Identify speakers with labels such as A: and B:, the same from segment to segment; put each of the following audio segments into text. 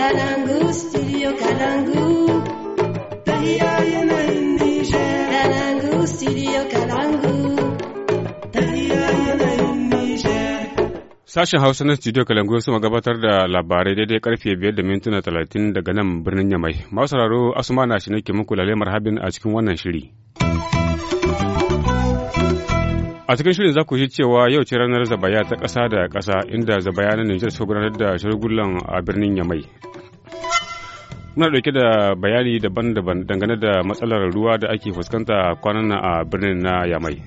A: Kalangu,
B: Sashen Hausa na Studio Kalangu suna gabatar da labarai daidai karfe biyar da mintuna talatin daga nan birnin Yamai. Masu sauraro Asuma na shi ke muku lalemar habin a cikin wannan shiri. A cikin shirin za ku ji cewa yau ce ranar zabaya ta ƙasa da ƙasa inda zabaya na Nijar suka gudanar da shirgullan a birnin Yamai. Muna ɗauke da bayani daban-daban dangane da matsalar ruwa da ake fuskanta kwanan na a birnin na Yamai.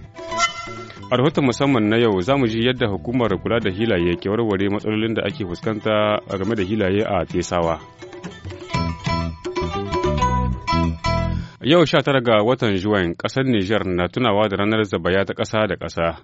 B: A rahoton musamman na yau za mu ji yadda hukumar kula da hilaye ke warware matsalolin da ake fuskanta game da hilaye a Tesawa. Yau sha tara ga watan Juwan ƙasar Nijar na tunawa da ranar zabaya ta ƙasa da ƙasa.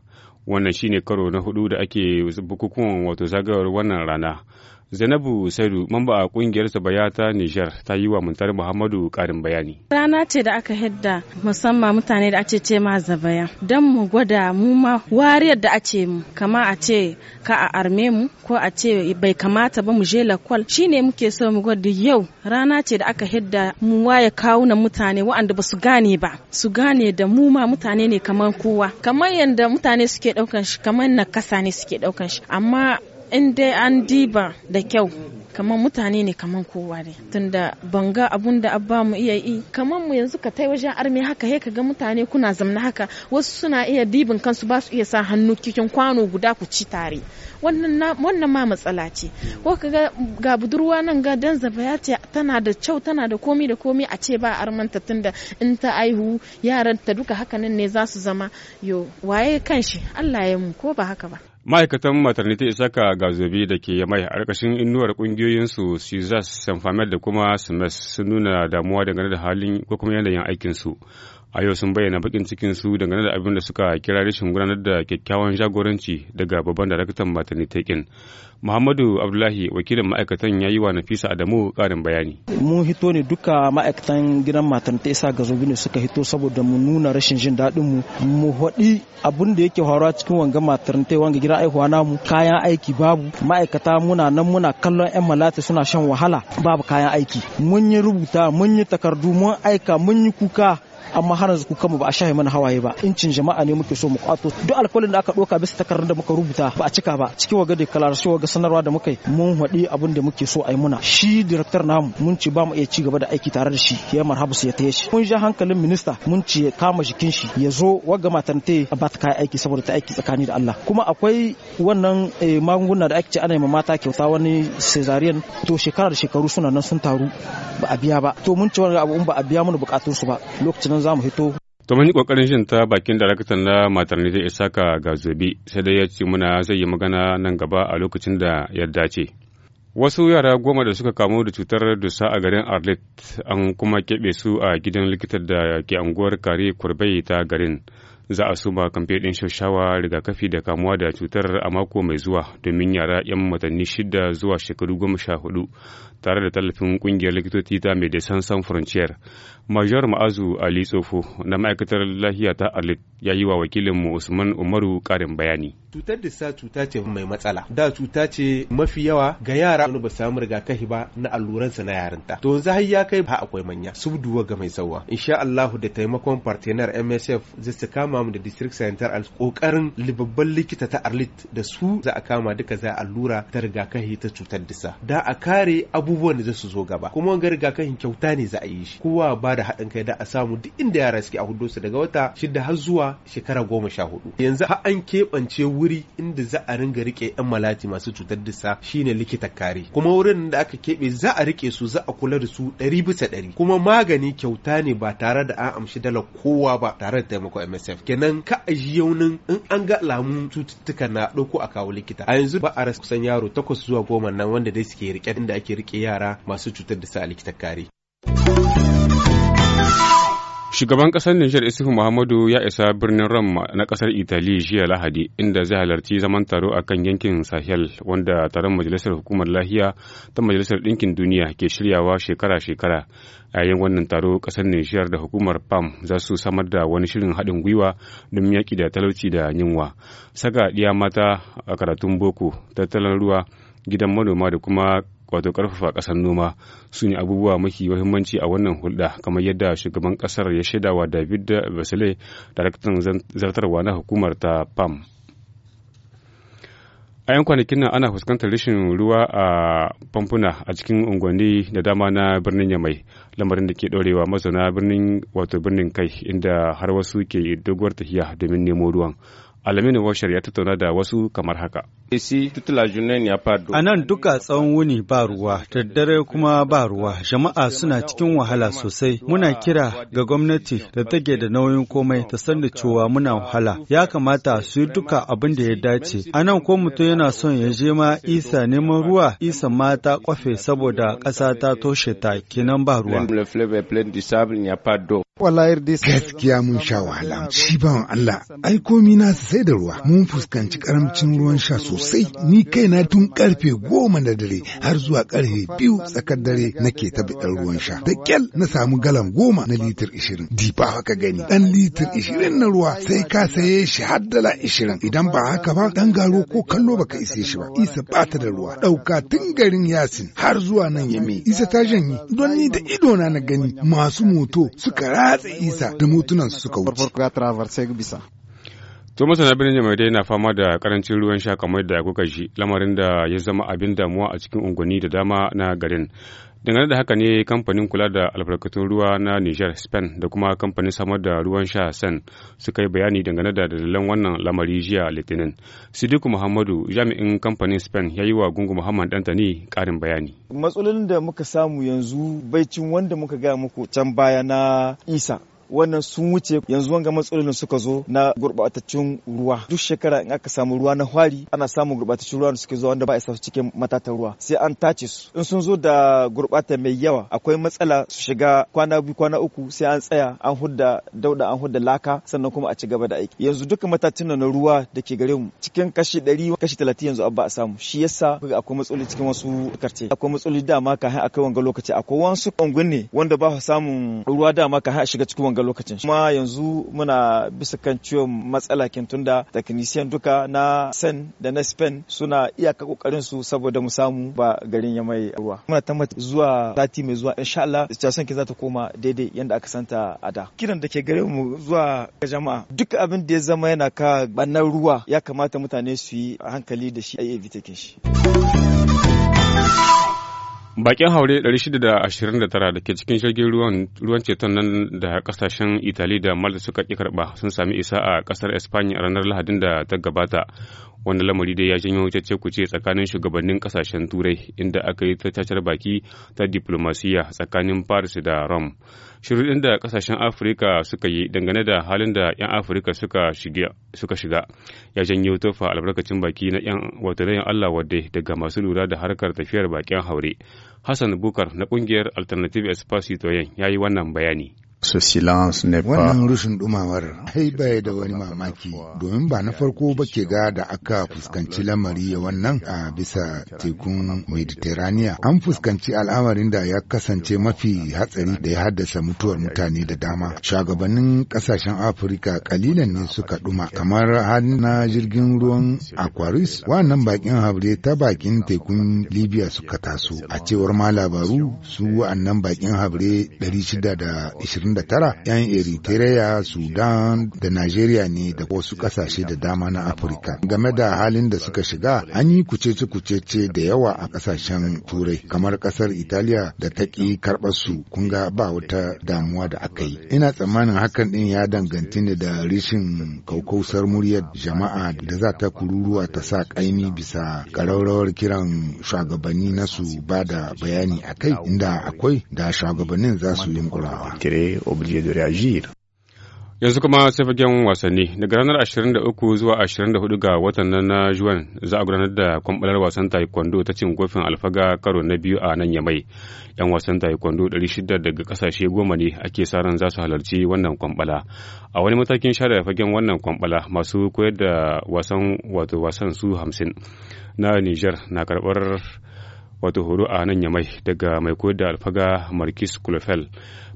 B: Wannan shine karo na hudu da ake bukukuwan wato zagayowar wannan rana. Zainabu Saidu mamba a kungiyar Sabaya ta Nijar ta yi wa Muntar Muhammadu karin bayani.
C: Rana ce da aka hidda musamman mutane da ake ce ma Zabaya don mu gwada mu ma wariyar da ace mu kama a ce ka a arme mu ko a ce bai kamata ba mu je lakwal shine muke so mu gwada yau rana ce da aka hidda mu waye na mutane waanda ba su gane ba su gane da mu ma mutane ne kamar kowa kamar yadda mutane suke ɗaukan shi kamar nakasa ne suke ɗaukan shi amma in dai an diba da kyau kamar mutane ne kamar kowa ne tunda banga abun da abba mu iya yi kamar mu yanzu ka tai wajen armi haka he ka ga mutane kuna zamna haka wasu suna iya dibin kansu ba su iya sa hannu cikin kwano guda ku ci tare wannan ma matsala ce ko ka ga ga budurwa nan ga dan zabaya ce tana da kyau tana da komi da komi a ce ba armanta tunda in ta aihu yaran ta duka haka nan ne za su zama yo waye kanshi Allah ya mu ko ba haka ba
B: ma'aikatan maternity isaka gazobi da ke mai a ƙarƙashin inuwar ƙungiyoyinsu sizas sanfamel da kuma sms sun nuna damuwa dangane da halin ko kuma yanayin aikinsu a yau sun bayyana bakin cikin su dangane da abin da suka kira rashin gudanar da kyakkyawan jagoranci daga babban daraktan maternity kin muhammadu abdullahi wakilin ma'aikatan ya yi wa nafisa adamu karin bayani
D: mun hito ne duka ma'aikatan gidan matan ta isa ga ne suka hito saboda mu nuna rashin jin daɗin mu mu haɗi abin da yake faruwa cikin wanga matan ta wanga gidan na mu kayan aiki babu ma'aikata muna nan muna kallon yan malati suna shan wahala babu kayan aiki mun yi rubuta mun yi takardu mun aika mun yi kuka amma har yanzu ku mu ba a shafe mana hawaye ba incin jama'a ne muke so mu kwato duk alƙalin da aka ɗauka bisa takardar da muka rubuta ba a cika ba cikin waga declaration waga sanarwa da muka mun haɗi abin da muke so a yi muna shi director namu mun ce ba mu iya ci gaba da aiki tare da shi ya marhabu ya taya shi mun ja hankalin minista mun ce kama jikin shi ya zo waga matante ba ta kai aiki saboda ta aiki tsakani da Allah kuma akwai wannan eh, magunguna da ake ce ana yi mata kyauta wani cesarean to shekara da shekaru suna nan sun taru ba a biya ba to mun ce wani abu ba a biya mana bukatun su ba lokacin nan za mu fito
B: to mun yi kokarin shin ta bakin daraktan na maternity Isaka Gazobi sai dai ya ce muna zai yi magana nan gaba a lokacin da ya dace wasu yara goma da suka kamu da cutar dusa a garin arlet an kuma keɓe su a gidan likitar da ke anguwar kare kurbai ta garin za a suma kamfe ɗin shashawa rigakafi da kamuwa da cutar a mako mai zuwa domin yara 'yan matanni shida zuwa shekaru goma sha hudu tare da tallafin kungiyar likitoci ta mai sans frontier major ma'azu ali tsofo na ma'aikatar lahiya ta alit ya yi wa wakilinmu usman umaru karin bayani
E: cutar sa cuta ce mai matsala da cuta ce mafi yawa ga yara wani ba samu rigakafi ba na alluransa na yarinta to yanzu har ya kai ba akwai manya su duwa ga mai sauwa insha Allahu da taimakon partner MSF zai su kama mu da district center al kokarin libabban likita ta arlit da su za a kama duka za allura ta rigakafi ta cutar sa. da a kare abu abubuwan da zasu zo gaba kuma wanga rigakafin kyauta ne za a yi shi kowa ba da haɗin kai da a samu duk inda yara suke a hudu su daga wata shida har zuwa shekara goma sha hudu yanzu har an keɓance wuri inda za a ringa rike yan malati masu cutar dissa shine likita kare kuma wurin da aka keɓe za a rike su za a kula da su ɗari bisa ɗari kuma magani kyauta ne ba tare da an amshi dalar kowa ba tare da taimakon MSF kenan ka a ji yaunin in an ga alamun cututtuka na ɗauko a kawo likita a yanzu ba a rasa kusan yaro takwas zuwa goma nan wanda dai suke rike inda ake rike yara masu cutar da sa likita kare.
B: Shugaban ƙasar Nijar Isufu Muhammadu ya isa birnin ramma na ƙasar Itali jiya Lahadi inda zai halarci zaman taro a kan yankin Sahel wanda taron Majalisar Hukumar Lahiya ta Majalisar Ɗinkin Duniya ke shiryawa shekara-shekara. A yayin wannan taro ƙasar Nijar da hukumar PAM za su samar da wani shirin haɗin gwiwa don yaƙi da talauci da yunwa. Saka ɗiya mata a karatun boko, tattalin ruwa, gidan manoma da kuma wato karfafa kasar noma su ne abubuwa mafi muhimmanci a wannan hulɗa kamar yadda shugaban kasar ya shaidawa david basile daraktan zartarwa na hukumar ta pam a yan kwanakin nan ana fuskantar rashin ruwa a famfuna a cikin unguwanni da dama na birnin yamai lamarin da ke ɗorewa mazauna birnin wato birnin kai inda har wasu ke doguwar tafiya domin nemo ruwan alamin washar ya tattauna da wasu kamar haka A nan duka
F: tsawon wuni ba ruwa, daddare kuma ba ruwa, jama'a suna cikin wahala sosai. Muna kira ga gwamnati da take da nauyin komai ta san da cewa muna wahala. Ya kamata su yi duka abin da ya dace. anan ko mutum yana son ya je ma isa neman ruwa, isa ma ta kwafe saboda ƙasa ta toshe ta kenan ba ruwa.
G: gaskiya mun sha wahala. Shi bawan Allah, ai komi na sai da ruwa. Mun fuskanci karamcin ruwan sha so. sosai ni kaina tun karfe goma na dare har zuwa karfe biyu tsakar dare nake ta bidan ruwan sha da kyal na samu galan goma na litir ishirin difa haka gani dan litir ishirin na ruwa sai ka saye shi har dala ishirin idan ba haka ba dan garo ko kallo baka ise shi ba isa bata da ruwa dauka tun garin yasin har zuwa nan ya yame isa ta janye don ni da idona na gani masu moto suka ratsa isa da motunan suka wuce
B: To masana birnin mai dai na fama da karancin ruwan sha kamar da kuka ji lamarin da ya zama abin damuwa a cikin unguwanni da dama na garin. Dangane da haka ne kamfanin kula da albarkatun ruwa na Niger Spain da kuma kamfanin samar da ruwan sha Sen suka yi bayani dangane da dalilan wannan lamari jiya Litinin. Sidiku Muhammadu jami'in kamfanin Spain ya yi wa Gungu Muhammad Dantani karin bayani.
C: Matsalolin da muka samu yanzu baicin wanda muka gaya muku can baya na Isa wannan sun wuce yanzu wanga matsalolin suka zo na gurbataccen ruwa duk shekara in aka samu ruwa na hwari ana samun gurbataccen ruwa da suke zuwa wanda ba a su cikin matatan ruwa sai an tace su in sun zo da gurbata mai yawa akwai matsala su shiga kwana biyu kwana uku sai an tsaya an hudda dauda an hudda laka sannan kuma a ci gaba da aiki yanzu duka matatan na ruwa da ke gare mu cikin kashi ɗari kashi talatin yanzu ba a samu shi yasa akwai matsaloli cikin wasu karce akwai matsaloli dama kafin akai wanga lokaci akwai wasu ungun ne wanda ba samun ruwa dama kafin a shiga cikin wanga ga lokacin kuma yanzu muna bisa kan ciwon matsala kin tunda technician duka na sen da na spain suna iyaka kokarin su saboda mu samu ba garin ya mai ruwa muna ta zuwa sati mai zuwa insha Allah situation ki za ta koma daidai yanda aka santa a da kiran da ke gare mu zuwa ga jama'a duk abin da ya zama yana ka bannan ruwa ya kamata mutane su yi hankali da shi a yi shi.
B: Bakin haure 629 da ke cikin jirgin ruwan ceton nan da kasashen Itali da Malta suka ƙi karɓa sun sami isa a ƙasar Espanya ranar Lahadin da ta gabata. wannan lamari dai ya janyo cece kuce tsakanin shugabannin kasashen turai inda aka yi ta baki ta diplomasiya tsakanin paris da rome shirin da kasashen afirka suka yi dangane da halin da 'yan afirka suka shiga ya janyo tofa albarkacin baki na 'yan watanni allah wadde daga masu lura da harkar tafiyar bakin haure hassan bukar na kungiyar alternative espacito ya yi wannan bayani ce silence n'est pas wannan
G: rushin dumamar ai bai da wani mamaki domin ba na farko ba ke ga da aka fuskanci lamari ya wannan a bisa tekun mediterania an fuskanci al'amarin da ya kasance mafi hatsari da ya haddasa mutuwar mutane da dama shugabannin kasashen afirka kalilan ne suka duma kamar har na jirgin ruwan aquarius wannan bakin habre ta bakin tekun libya suka taso a cewar ma labaru su wa'annan bakin habre 620 29 eh, 'yan eh, Eritrea, Sudan da Najeriya ne da wasu kasashe da dama na Afirka. Game da halin da suka shiga, an yi kucece-kucece da yawa a ƙasashen Turai, kamar ƙasar Italiya da ta ƙi karɓar su, kun ga ba wata damuwa da aka yi. Ina tsammanin hakan ɗin ya danganci ne da rishin kaukausar muryar jama'a da za ta kururuwa ta sa ƙaimi bisa ƙararrawar kiran shugabanni na su ba da bayani a kai, inda akwai da shugabannin za su yunkurawa.
B: obligé de réagir. yanzu kuma sai fagen wasanni daga ranar 23 zuwa 24 ga watan nan na zuwan za a gudanar da kwambalar wasan taekwondo ta cin gofin alfaga karo na biyu a nan yamai yan wasan taekwondo 600 daga kasashe goma ne ake sa ran za su halarci wannan kwambala a wani matakin share fagen wannan kwambala masu koyar da wasan wato wasan su 50 na niger na karbar wato horo a nan yamai daga mai koyar da alfaga markis kulofel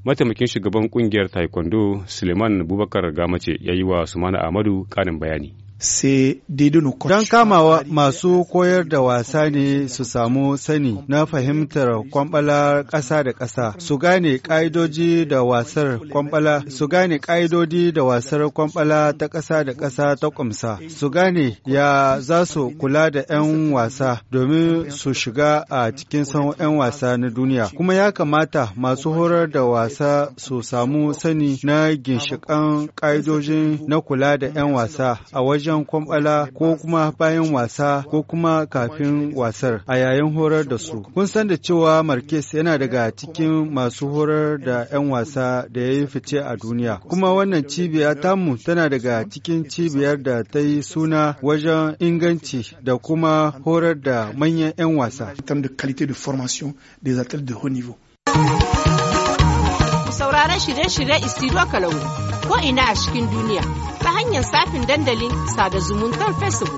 B: mataimakin shugaban kungiyar taekwondo suleiman bubakar gamace ya yi wa sumana amadu karin bayani
F: sai kwashe Don kama masu koyar da wasa ne su samu sani na fahimtar kwambala ƙasa da ƙasa, su gane ƙa'idoji da wasar kwambala su gane ƙa'idodi da wasar kwambala ta ƙasa da ƙasa ta ƙumsa, su gane ya za su kula da 'yan wasa domin su shiga a cikin san 'yan wasa na duniya. Kuma ya kamata masu horar da wasa su samu sani na ginshiƙan ƙa'idojin na kula da 'yan wasa a waje wajen kwamɓala ko kuma bayan wasa ko kuma kafin wasar a yayin horar da su. Kun san da cewa Marquez yana daga cikin masu horar da 'yan wasa da ya yi fice a duniya. Kuma wannan cibiya tamu tana daga cikin cibiyar da ta yi suna wajen inganci da kuma horar da manyan 'yan wasa.
E: sauraron
A: shirye-shirye Istiro Kalau ko ina a cikin duniya ta hanyar safin dandalin sada
C: zumuntar Facebook.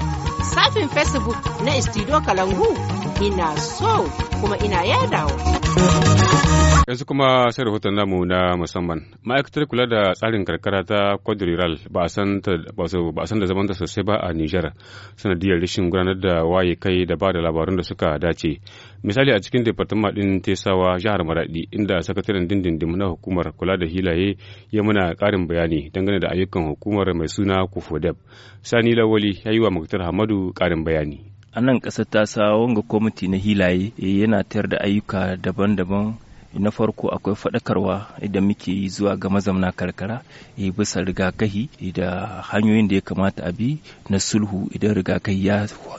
C: Safin Facebook na Istiro Kalangu ina so
E: kuma ina yadawa.
B: Yanzu kuma sai rahoton namu na musamman. Ma'aikatar kula da tsarin karkara ta kwadiriral ba a san da zamanta sosai ba a Nijar sanadiyar rashin gudanar da waye kai da ba da labarun da suka dace. Misali a cikin departement din Tesawa jihar Maradi inda sakataren dindindin na hukumar kula da hilaye ya muna karin bayani dangane da ayyukan hukumar mai suna Kufodeb. Sani Lawali ya yi wa Muktar Hamadu karin bayani. a nan ƙasar ta sa wanga kwamiti na hilaye
A: eh, yana tayar da ayyuka daban-daban na farko akwai faɗakarwa idan muke yi zuwa ga mazamna karkara eh, bisa rigakahi da hanyoyin da ya kamata a bi na sulhu idan rigakahi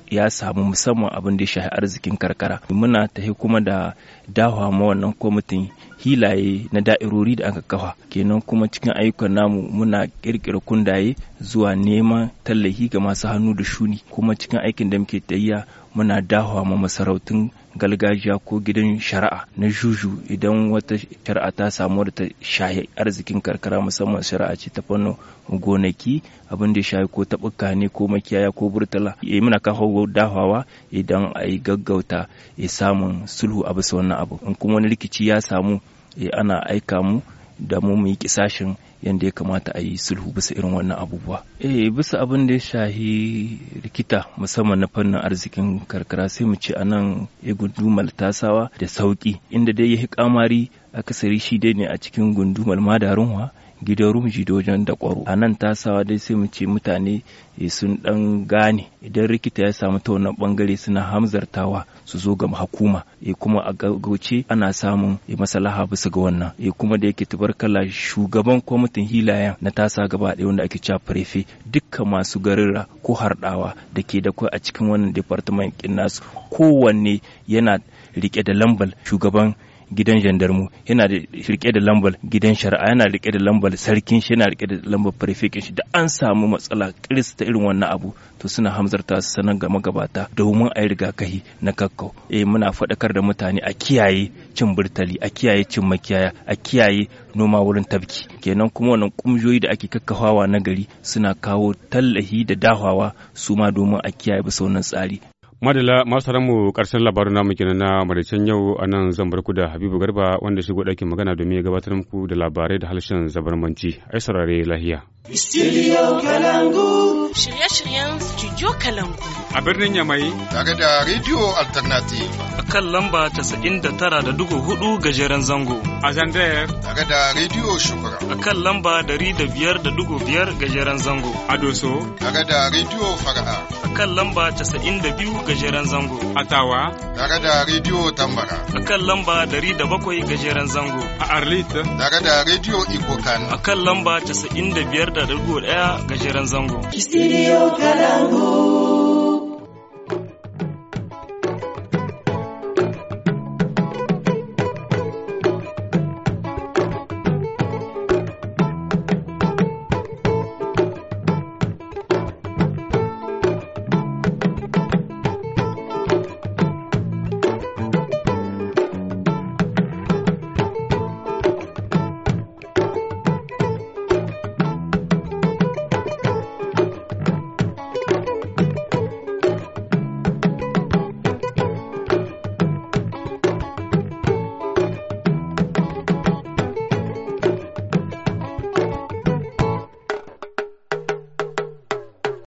A: ya samu musamman abin da ya shahi arzikin karkara muna tahi kuma da dawa ma wannan kwamitin hilaye na da'irori da aka kafa kenan kuma cikin ayyukan namu muna kirkira kundaye zuwa neman tallahi ga masu hannu da shuni kuma cikin aikin da muke tayiya muna dawa ma masarautun galgajiya ko gidan shari'a na juju idan wata shari'a ta samu da ta shahi arzikin karkara musamman shari'a ce ta fannin gonaki abin da shayi ko taɓuka ne ko makiyaya ko burtala ya muna kawo dahawa idan a yi gaggauta ya samun sulhu a bisa wannan abu in kuma wani rikici ya samu eh, ana aika mu da mu mu yi kisashin yadda ya kamata a yi sulhu bisa irin wannan abubuwa. Eh bisa abin da ya shahi rikita musamman na fannin arzikin karkara sai mu ce anan ya gundumar tasawa da sauki inda dai ya kamari akasari shi dai ne a cikin gundumar madarunwa gidan rumji da wajen da kwaro a nan tasawa dai sai mu ce mutane eh, sun dan gane idan rikita ya samu ta wannan bangare suna hamzartawa su zo ga hukuma e kuma a gauce ana samun e maslaha bisa ga wannan e kuma da yake tubarkala shugaban kwamitin hilayen na tasa gaba ɗaya wanda ake cewa prefe dukkan masu garira ko hardawa da ke da kwai a cikin wannan departament nasu kowanne yana rike da lambal shugaban gidan jandarmu yana rike da lambar gidan shari'a yana rike da lambar sarkin shi yana rike da lambar prefect shi da an samu matsala kiris irin wannan abu to suna hamzarta su sanan ga magabata domin a yi rigakahi na kakkau eh muna faɗakar da mutane a kiyaye cin burtali a kiyaye cin makiyaya a kiyaye noma wurin tabki kenan kuma wannan kumjoyi da ake kakkafawa na gari suna kawo tallahi da dahawa su ma domin a kiyaye bisa wannan tsari
B: Madala masu mu karshen labarin namu kenan na maraicen yau a nan zan bar ku da Habibu Garba wanda shigo ɗakin magana domin ya gabatar muku da labarai da harshen zabarmanci. Ai saurare lahiya.
C: Studio Kalangu. shirye-shiryen
F: Studio Kalangu. A birnin Yamai. Tare da Radio Alternative. A kan
B: lamba tara da dugu hudu gajeren zango. A Zandayar. Tare da Radio Shukura. A kan lamba dari da biyar da dugu biyar gajeren zango. A Doso. Tare da Radio Fara'a. A kan lamba 92 da biyu gajeren zango. A Tawa. Tare da Radio Tambara. A kan lamba dari da bakwai gajeren zango. A Arlita. Tare da Radio
A: Ikokan. A kan lamba 95.1 da biyar da dugu ɗaya gajeren zango.
F: Studio calango.